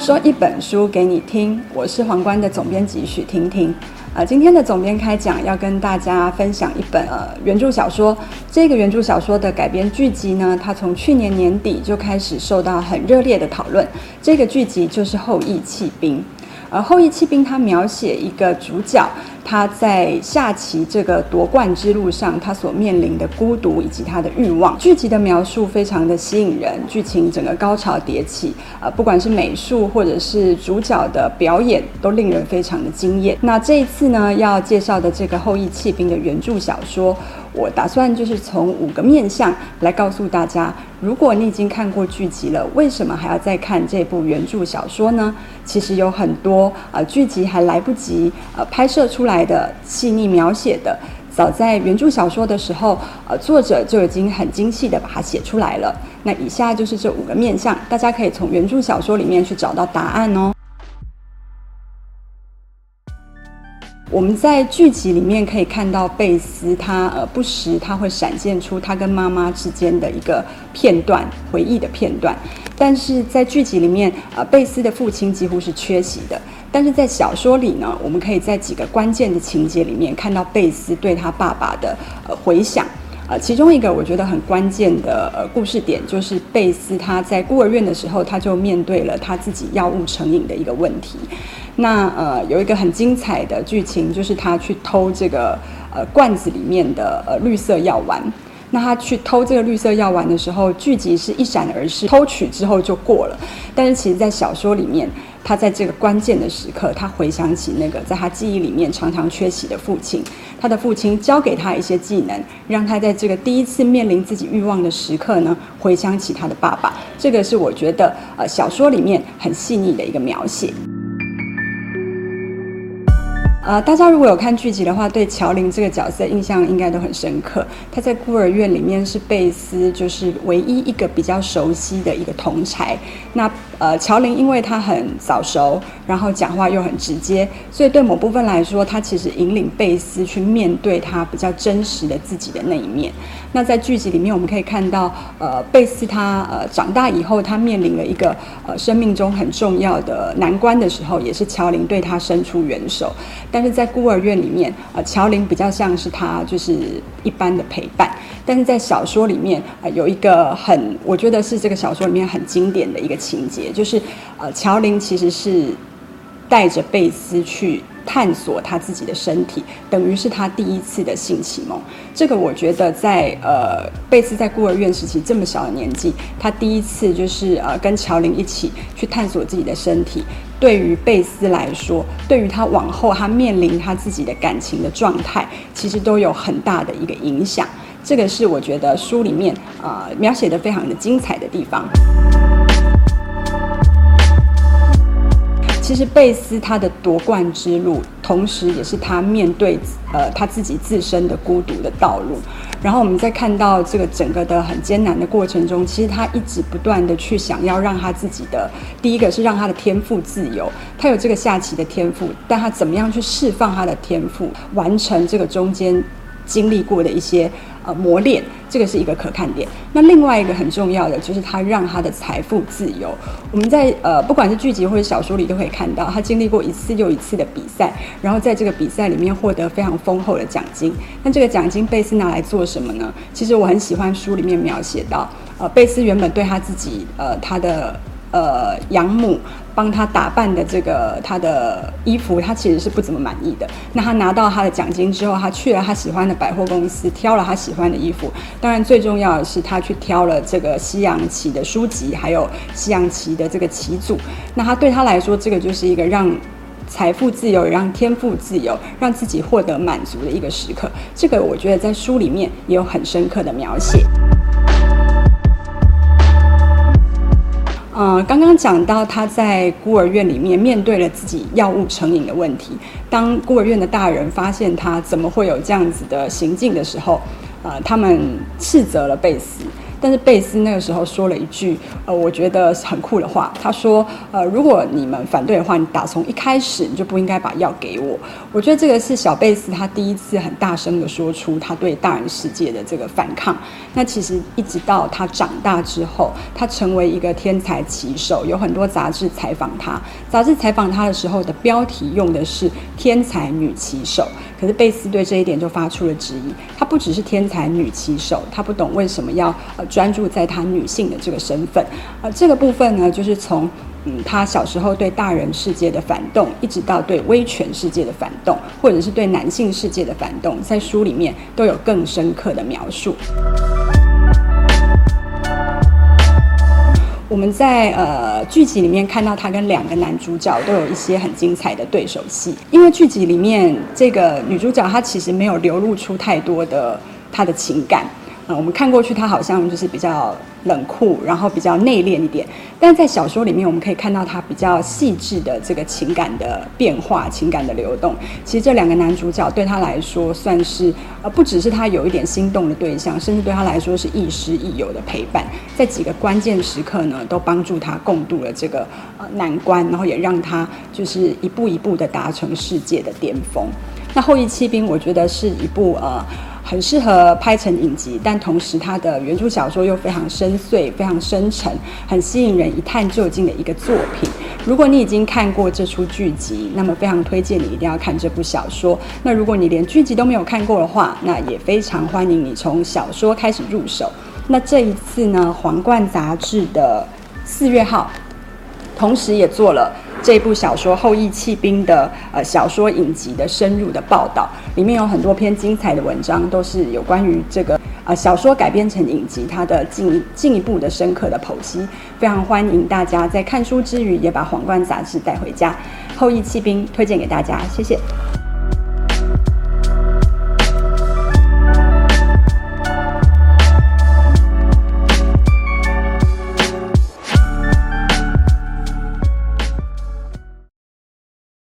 說一本書給你聽，我是皇冠的總編輯許婷婷。啊、呃，今天的總編開講要跟大家分享一本呃原著小說，這個原著小說的改編劇集呢，它從去年年底就開始受到很熱烈的討論。這個劇集就是《後翼棄兵》，而《後翼棄兵》它描寫一個主角。他在下棋這個奪冠之路上，他所面臨的孤獨以及他的慾望，劇集的描述非常的吸引人，劇情整個高潮迭起，呃，不管是美術或者是主角的表演，都令人非常的驚豔。那這一次呢，要介紹的這個《後翼棄兵》的原著小說，我打算就是從五個面向來告訴大家，如果你已經看過劇集了，為什麼還要再看這部原著小說呢？其實有很多呃劇集還來不及呃拍攝出來。的細膩描寫的，早在原著小說的時候，呃，作者就已經很精細的把它寫出來了。那以下就是這五個面向，大家可以從原著小說裡面去找到答案哦。我們在劇集裡面可以看到貝絲，他呃，不時他會閃現出他跟媽媽之間的一個片段回憶的片段，但是在劇集裡面，呃貝絲的父親幾乎是缺席的，但是在小說裡呢，我們可以在幾個關鍵的情節裡面看到貝絲對他爸爸的呃回想。呃，其中一個我覺得很關鍵的，呃，故事點就是貝絲他在孤兒院的時候，他就面對了他自己藥物成癮的一個問題。那呃，有一個很精彩的劇情就是他去偷這個呃罐子裡面的呃綠色藥丸。那他去偷這個綠色藥丸的時候，劇集是一閃而逝，偷取之後就過了。但是其實，在小說裡面，他在這個關鍵的時刻，他回想起那個在他記憶裡面常常缺席的父親。他的父親教給他一些技能，讓他在這個第一次面臨自己慾望的時刻呢，回想起他的爸爸。這個是我覺得呃小說裡面很細膩的一個描寫。呃，大家如果有看劇集的話，對喬琳這個角色印象應該都很深刻。他在孤兒院裡面是貝絲，就是唯一一個比較熟悉的一個同儕。那。呃，喬琳因為他很早熟，然後講話又很直接，所以對某部分來說，他其實引領貝絲去面對他比較真實的自己的那一面。那在劇集裡面，我們可以看到，呃，貝絲他呃長大以後，他面臨了一個呃生命中很重要的難關的時候，也是喬琳對他伸出援手。但是在孤兒院裡面，呃，喬琳比較像是他就是一般的陪伴。但是在小說裡面，呃，有一個很我覺得是這個小說裡面很經典的一個情節。就是，呃，喬琳其實是帶着貝絲去探索他自己的身體，等於是他第一次的性啟蒙。這個我覺得在，在呃，貝絲在孤兒院時期這麼小的年紀，他第一次就是呃，跟喬琳一起去探索自己的身體，對於貝絲來說，對於他往後他面臨他自己的感情的狀態，其實都有很大的一個影響。這個是我覺得書裡面啊、呃、描寫得非常的精彩的地方。是貝絲他的奪冠之路，同時也是他面對呃他自己自身的孤獨的道路。然後我們再看到這個整個的很艱難的過程中，其實他一直不斷的去想要讓他自己的第一個是讓他的天賦自由。他有這個下棋的天賦，但他怎麼樣去釋放他的天賦，完成這個中間經歷過的一些。呃，磨練這個是一個可看點。那另外一個很重要的就是他讓他的財富自由。我們在呃不管是劇集或者小說裡都可以看到，他經歷過一次又一次的比賽，然後在這個比賽裡面獲得非常豐厚的獎金。那這個獎金貝絲拿來做什麼呢？其實我很喜歡書裡面描寫到，呃，貝絲原本對他自己，呃，他的。呃，養母幫他打扮的這個他的衣服，他其實是不怎麼滿意的。那他拿到他的獎金之後，他去了他喜歡的百貨公司，挑了他喜歡的衣服。當然，最重要的是他去挑了這個西洋棋的書籍，還有西洋棋的這個棋組。那他對他來說，這個就是一個讓財富自由、讓天賦自由、讓自己獲得滿足的一個時刻。這個我覺得在書裡面也有很深刻的描寫。呃，剛剛講到他在孤兒院裡面面對了自己藥物成癮的問題。當孤兒院的大人發現他怎麼會有這樣子的行徑的時候，呃，他們斥責了貝絲。但是貝斯那個時候說了一句，呃，我覺得很酷的話。他說，呃，如果你們反對的話，你打從一開始你就不應該把藥給我。我覺得這個是小貝斯他第一次很大聲的說出他對大人世界的這個反抗。那其實一直到他長大之後，他成為一個天才棋手，有很多雜誌採訪他。雜誌採訪他的時候的標題用的是“天才女棋手”，可是貝斯對這一點就發出了質疑。他不只是天才女棋手，他不懂為什麼要，呃。專注在她女性的這個身份，啊、呃，這個部分呢，就是從嗯，她小時候對大人世界的反動，一直到對威權世界的反動，或者是對男性世界的反動，在書裡面都有更深刻的描述。我們在呃劇集裡面看到她跟兩個男主角都有一些很精彩的對手戲，因為劇集裡面這個女主角她其實沒有流露出太多的她的情感。嗯、我們看過去，他好像就是比較冷酷，然後比較內斂一點。但在小說裡面，我們可以看到他比較細緻的這個情感的變化、情感的流動。其實這兩個男主角對他來說，算是呃，不只是他有一點心動的對象，甚至對他來說是亦師亦友的陪伴。在幾個關鍵時刻呢，都幫助他共度了這個呃難關，然後也讓他就是一步一步的達成世界的巔峰。那《後翼棄兵》我覺得是一部呃。很適合拍成影集，但同時它的原著小說又非常深邃、非常深沉，很吸引人一探究竟的一個作品。如果你已經看過這出劇集，那麼非常推薦你一定要看這部小說。那如果你連劇集都沒有看過的話，那也非常歡迎你從小說開始入手。那這一次呢，《皇冠雜誌》的四月號，同時也做了。這部小說《後翼棄兵》的呃小說影集的深入的報道，裡面有很多篇精彩的文章，都是有關於這個呃小說改編成影集它的進進一步的深刻的剖析，非常歡迎大家在看書之餘也把《皇冠》雜志帶回家，《後翼棄兵》推薦給大家，謝謝。